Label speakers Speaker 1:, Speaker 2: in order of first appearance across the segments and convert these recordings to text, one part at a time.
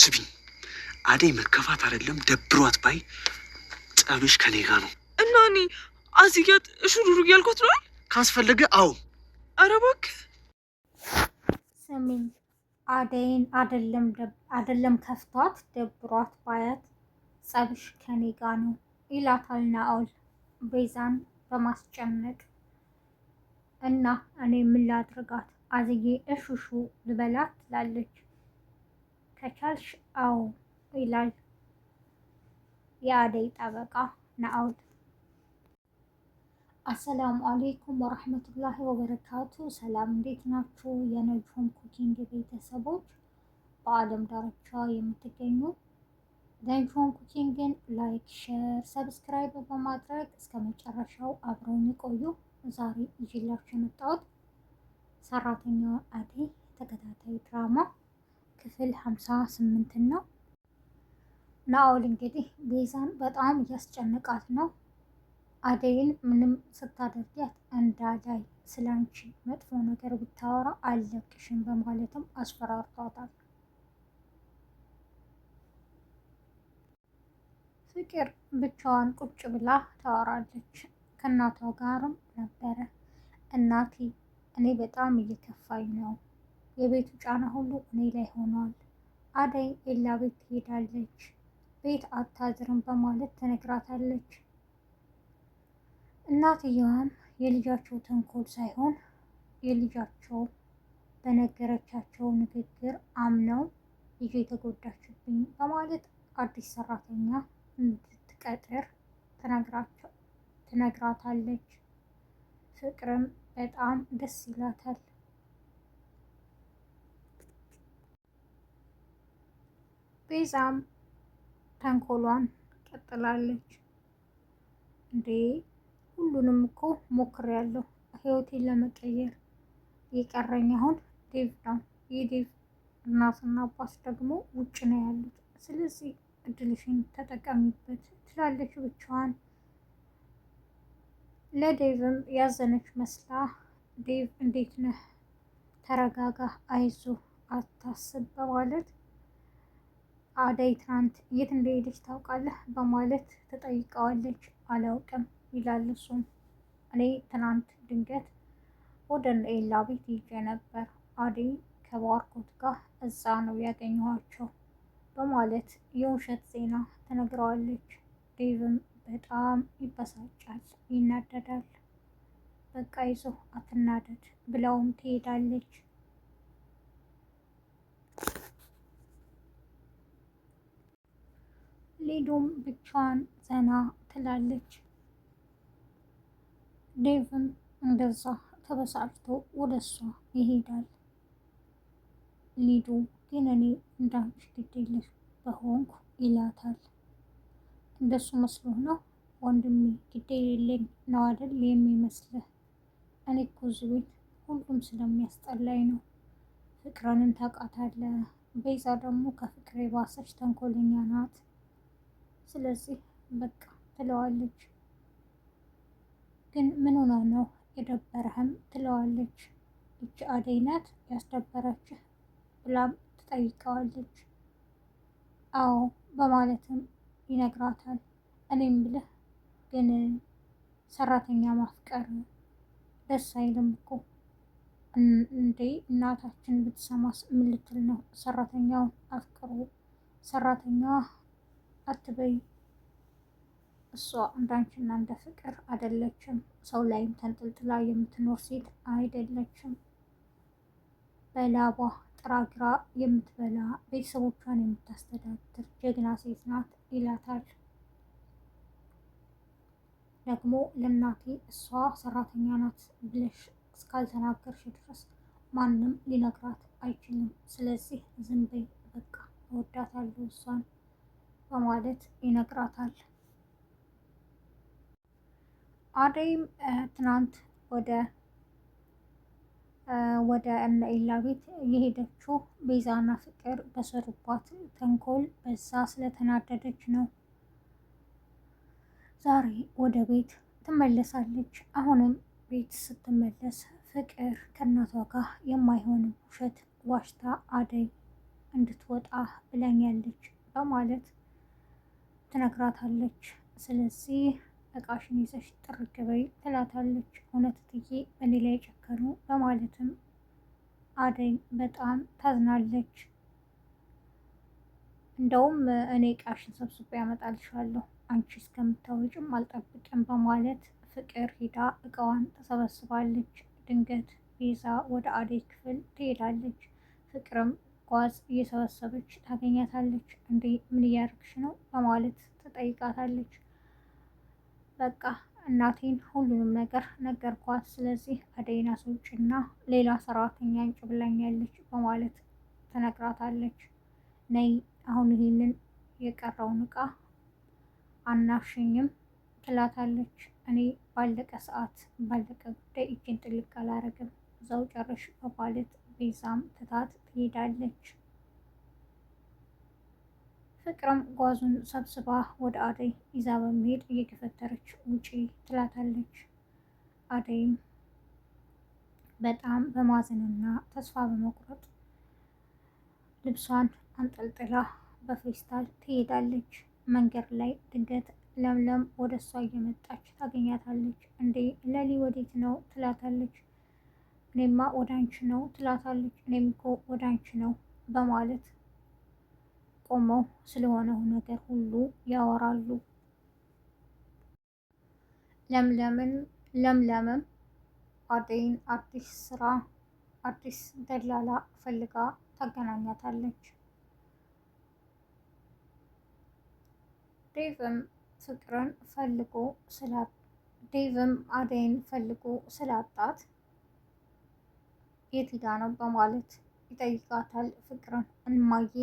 Speaker 1: ስቢኝ አደይ መከፋት አይደለም ደብሯት ባይ ጠብሽ ከኔ ጋ ነው
Speaker 2: እና እኔ አዝያት እሹሩሩ እያልኩት ነዋል
Speaker 1: ካስፈለገ አዎ
Speaker 2: ኧረ እባክህ
Speaker 3: ስሚኝ አደይን አደለም ከፍቷት ደብሯት ባያት ጸብሽ ከኔ ጋ ነው ይላታል ናኦል ቤዛን በማስጨነቅ እና እኔ ምን ላድርጋት አዝዬ እሹሹ ልበላት ትላለች ከቻልሽ አዎ ይላል የአደይ ጠበቃ ናአውድ። አሰላሙ አሌይኩም ወረህመቱላሂ ወበረካቱ። ሰላም እንዴት ናችሁ? የነጅሆም ኩኪንግ ቤተሰቦች በአለም ዳርቻ የምትገኙ ነጅሆም ኩኪንግን ላይክ፣ ሼር፣ ሰብስክራይብ በማድረግ እስከ መጨረሻው አብረውን ይቆዩ። ዛሬ ይዤላችሁ የመጣሁት ሰራተኛዋን አደይ ክፍል ሀምሳ ስምንትን ነው። ናኦል እንግዲህ ቤዛን በጣም እያስጨነቃት ነው። አደይን ምንም ስታደርጊያት እንዳላይ ስለአንቺ መጥፎ ነገር ብታወራ አልለቅሽም በማለትም አስፈራርቷታል። ፍቅር ብቻዋን ቁጭ ብላ ታወራለች። ከእናቷ ጋርም ነበረ። እናቴ እኔ በጣም እየከፋኝ ነው የቤቱ ጫና ሁሉ እኔ ላይ ሆኗል። አደይ ኤላ ቤት ትሄዳለች፣ ቤት አታዝርም በማለት ትነግራታለች። እናትየዋም የልጃቸው ተንኮል ሳይሆን የልጃቸው በነገረቻቸው ንግግር አምነው ልጅ የተጎዳችብኝ በማለት አዲስ ሰራተኛ እንድትቀጥር ትነግራታለች። ፍቅርም በጣም ደስ ይላታል። ቤዛም ተንኮሏን ቀጥላለች። እንዴ ሁሉንም እኮ ሞክር ያለሁ ህይወቴን ለመቀየር የቀረኝ አሁን ዴቭ ነው። የዴቭ እናትና አባት ደግሞ ውጭ ነው ያሉት። ስለዚህ እድልሽን ተጠቀሚበት ትላለች ብቻዋን። ለዴቭም ያዘነች መስላ ዴቭ እንዴት ነህ? ተረጋጋ፣ አይዞ፣ አታስብ በማለት አደይ ትናንት የት እንደሄደች ታውቃለህ? በማለት ተጠይቀዋለች። አላውቅም ይላል እሱም። እኔ ትናንት ድንገት ወደ ኤላ ቤት ሄጄ ነበር። አደይ ከባርኮት ጋር እዛ ነው ያገኘኋቸው በማለት የውሸት ዜና ተነግረዋለች። ዴቭም በጣም ይበሳጫል፣ ይናደዳል። በቃ ይዞ አትናደድ ብለውም ትሄዳለች። ሊዱም ብቻዋን ዘና ትላለች። ዴቭም እንደዛ ተበሳጭቶ ወደ እሷ ይሄዳል። ሊዱ ግን እኔ እንዳንቺ ግዴለሽ በሆንኩ ይላታል። እንደሱ መስሎ ነው ወንድሜ ግዴ የሌለኝ ነው አይደል የሚመስልህ? እኔ እኮ እዚህ ቤት ሁሉም ስለሚያስጠላኝ ነው። ፍቅረንን ታውቃታለህ። ቤዛ ደግሞ ከፍቅሬ የባሰች ተንኮለኛ ናት። ስለዚህ በቃ ትለዋለች። ግን ምን ሆና ነው የደበረህም ትለዋለች። ይች አደይ ናት ያስደበረችህ ብላም ትጠይቀዋለች። አዎ በማለትም ይነግራታል። እኔም ብልህ ግን ሰራተኛ ማፍቀር ደስ አይልም እኮ እንዴ! እናታችን ብትሰማስ ምን ልትል ነው? ሰራተኛውን አፍቅሮ ሰራተኛዋ አትበይ። እሷ እንዳንችና እንደ ፍቅር አይደለችም። ሰው ላይም ተንጠልጥላ የምትኖር ሴት አይደለችም። በላቧ ጥራግራ የምትበላ ቤተሰቦቿን የምታስተዳድር ጀግና ሴት ናት ይላታል። ደግሞ ለእናቴ እሷ ሰራተኛ ናት ብለሽ እስካልተናገርሽ ድረስ ማንም ሊነግራት አይችልም። ስለዚህ ዝም በይ በቃ። እወዳታለሁ እሷን በማለት ይነግራታል። አደይም ትናንት ወደ ወደ እነ ኤላ ቤት የሄደችው ቤዛና ፍቅር በሰሩባት ተንኮል በዛ ስለተናደደች ነው። ዛሬ ወደ ቤት ትመለሳለች። አሁንም ቤት ስትመለስ ፍቅር ከእናቷ ጋር የማይሆን ውሸት ዋሽታ አደይ እንድትወጣ ብለኛለች በማለት ትነግራታለች። ስለዚህ እቃሽን ይዘሽ ጥርግ በይ ትላታለች። እውነት እትዬ እኔ ላይ ጨከኑ በማለትም አደይ በጣም ታዝናለች። እንደውም እኔ እቃሽን ሰብስቤ ያመጣልሻለሁ አንቺ እስከምታወጭም አልጠብቅም በማለት ፍቅር ሂዳ እቃዋን ተሰበስባለች። ድንገት ቤዛ ወደ አደይ ክፍል ትሄዳለች። ፍቅርም ጓዝ እየሰበሰበች ታገኛታለች። እንዴ ምን እያደረግሽ ነው በማለት ትጠይቃታለች። በቃ እናቴን ሁሉንም ነገር ነገርኳት፣ ስለዚህ አደይና ሰውጭ እና ሌላ ሰራተኛ እንጭ ብላኛለች በማለት ትነግራታለች። ነይ አሁን ይህንን የቀረውን እቃ አናፍሽኝም ትላታለች። እኔ ባለቀ ሰዓት ባለቀ ጉዳይ እጅን ጥልቅ አላረግም እዛው ጨርሽ በማለት ቤዛም ትታት ትሄዳለች። ፍቅርም ጓዙን ሰብስባ ወደ አደይ ይዛ በመሄድ እየገፈተረች ውጪ ትላታለች። አደይም በጣም በማዘንና ተስፋ በመቁረጥ ልብሷን አንጠልጥላ በፌስታል ትሄዳለች። መንገድ ላይ ድንገት ለምለም ወደ እሷ እየመጣች ታገኛታለች። እንዴ ለሊ ወዴት ነው ትላታለች። እኔማ ወዳንቺ ነው ትላታለች። እኔም እኮ ወዳንቺ ነው በማለት ቆመው ስለሆነው ነገር ሁሉ ያወራሉ። ለምለምን ለምለምም አደይን አዲስ ስራ አዲስ ደላላ ፈልጋ ታገናኛታለች። ዴቭም ፍቅርን ፈልጎ ስላ ዴቭም አደይን ፈልጎ ስላጣት የት ሄዳ ነው በማለት ይጠይቃታል። ፍቅርን እማዬ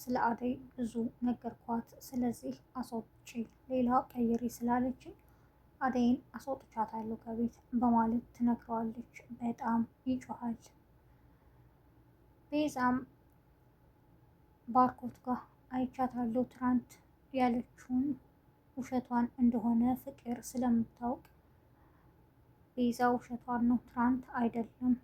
Speaker 3: ስለ አደይ ብዙ ነገርኳት፣ ስለዚህ አስወጥቼ ሌላ ቀይሬ ስላለችኝ አደይን አስወጥቻታለሁ ከቤት በማለት ትነግረዋለች። በጣም ይጮሃል። ቤዛም ባርኮት ጋር አይቻታለሁ ትናንት ያለችውን ውሸቷን እንደሆነ ፍቅር ስለምታውቅ ቤዛ ውሸቷን ነው፣ ትናንት አይደለም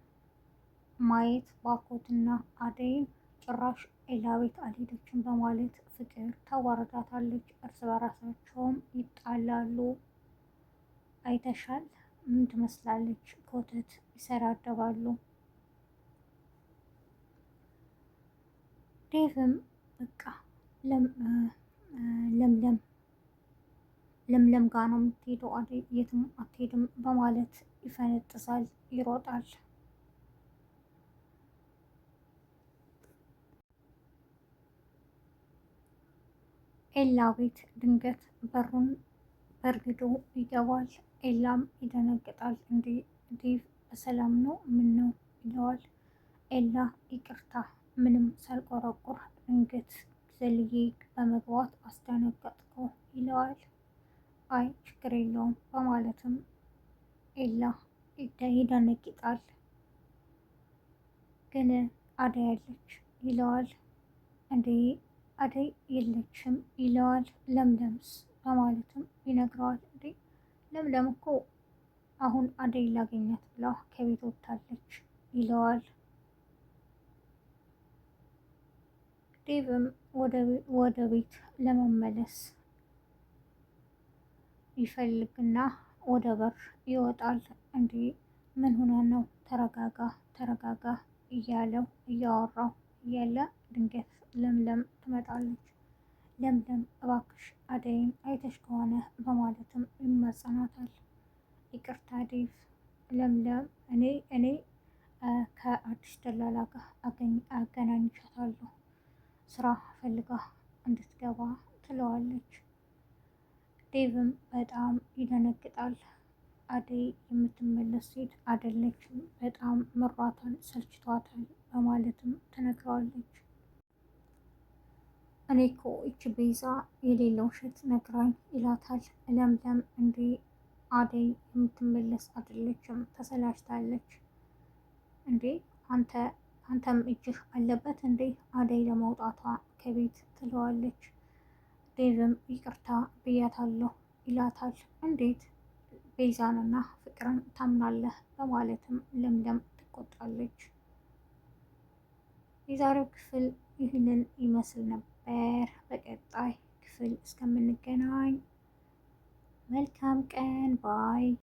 Speaker 3: ማየት ባርኮትና አደይን ጭራሽ ኤላ ቤት አልሄደችም በማለት ፍቅር ታዋረዳታለች እርስ በራሳቸውም ይጣላሉ። አይተሻል፣ ምን ትመስላለች? ኮተት ይሰራደባሉ ዴቭም በቃ ለምለም ለምለም ጋ ነው የምትሄደው፣ የትም አትሄድም በማለት ይፈነጥዛል፣ ይሮጣል። ኤላ ቤት ድንገት በሩን በርግዶ ይገባል። ኤላም ይደነግጣል። እንዴ ዴቭ በሰላም ነው? ምን ነው ይለዋል። ኤላ ይቅርታ ምንም ሳል ኤላ ይደነግጣል። ግን አደይ አለች ይለዋል። እንዴ አደይ የለችም ይለዋል። ለምለምስ በማለትም ይነግረዋል። እንዴ ለምለም እኮ አሁን አደይ ላገኛት ብላ ከቤት ወጥታለች ይለዋል። ዴቭም ወደ ቤት ለመመለስ ይፈልግና ወደ በር ይወጣል። እንዲህ ምን ሆና ነው? ተረጋጋ ተረጋጋ እያለው እያወራው እያለ ድንገት ለምለም ትመጣለች። ለምለም እባክሽ አደይን አይተሽ ከሆነ በማለትም ይመጸናታል። ይቅርታ ዴቭ ለምለም እኔ እኔ ከአዲስ ደላላ ጋር አገናኝቻታለሁ ስራ ፈልጋ እንድትገባ ትለዋለች። ዴቭም በጣም ይደነግጣል። አደይ የምትመለስ ሴት አይደለችም፣ በጣም መሯታል፣ ሰልችቷታል በማለትም ትነግረዋለች። እኔ እኮ ይች ቤዛ የሌለው ውሸት ነግራኝ ይላታል። ለምለም እንዴ አደይ የምትመለስ አይደለችም፣ ተሰላችታለች እንዴ አንተ አንተም እጅህ አለበት እንዴ አደይ ለመውጣቷ ከቤት ትለዋለች። ዴቭም ይቅርታ ብያታለሁ ይላታል። እንዴት ቤዛንና ፍቅርን ታምናለህ? በማለትም ለምለም ትቆጣለች። የዛሬው ክፍል ይህንን ይመስል ነበር። በቀጣይ ክፍል እስከምንገናኝ መልካም ቀን ባይ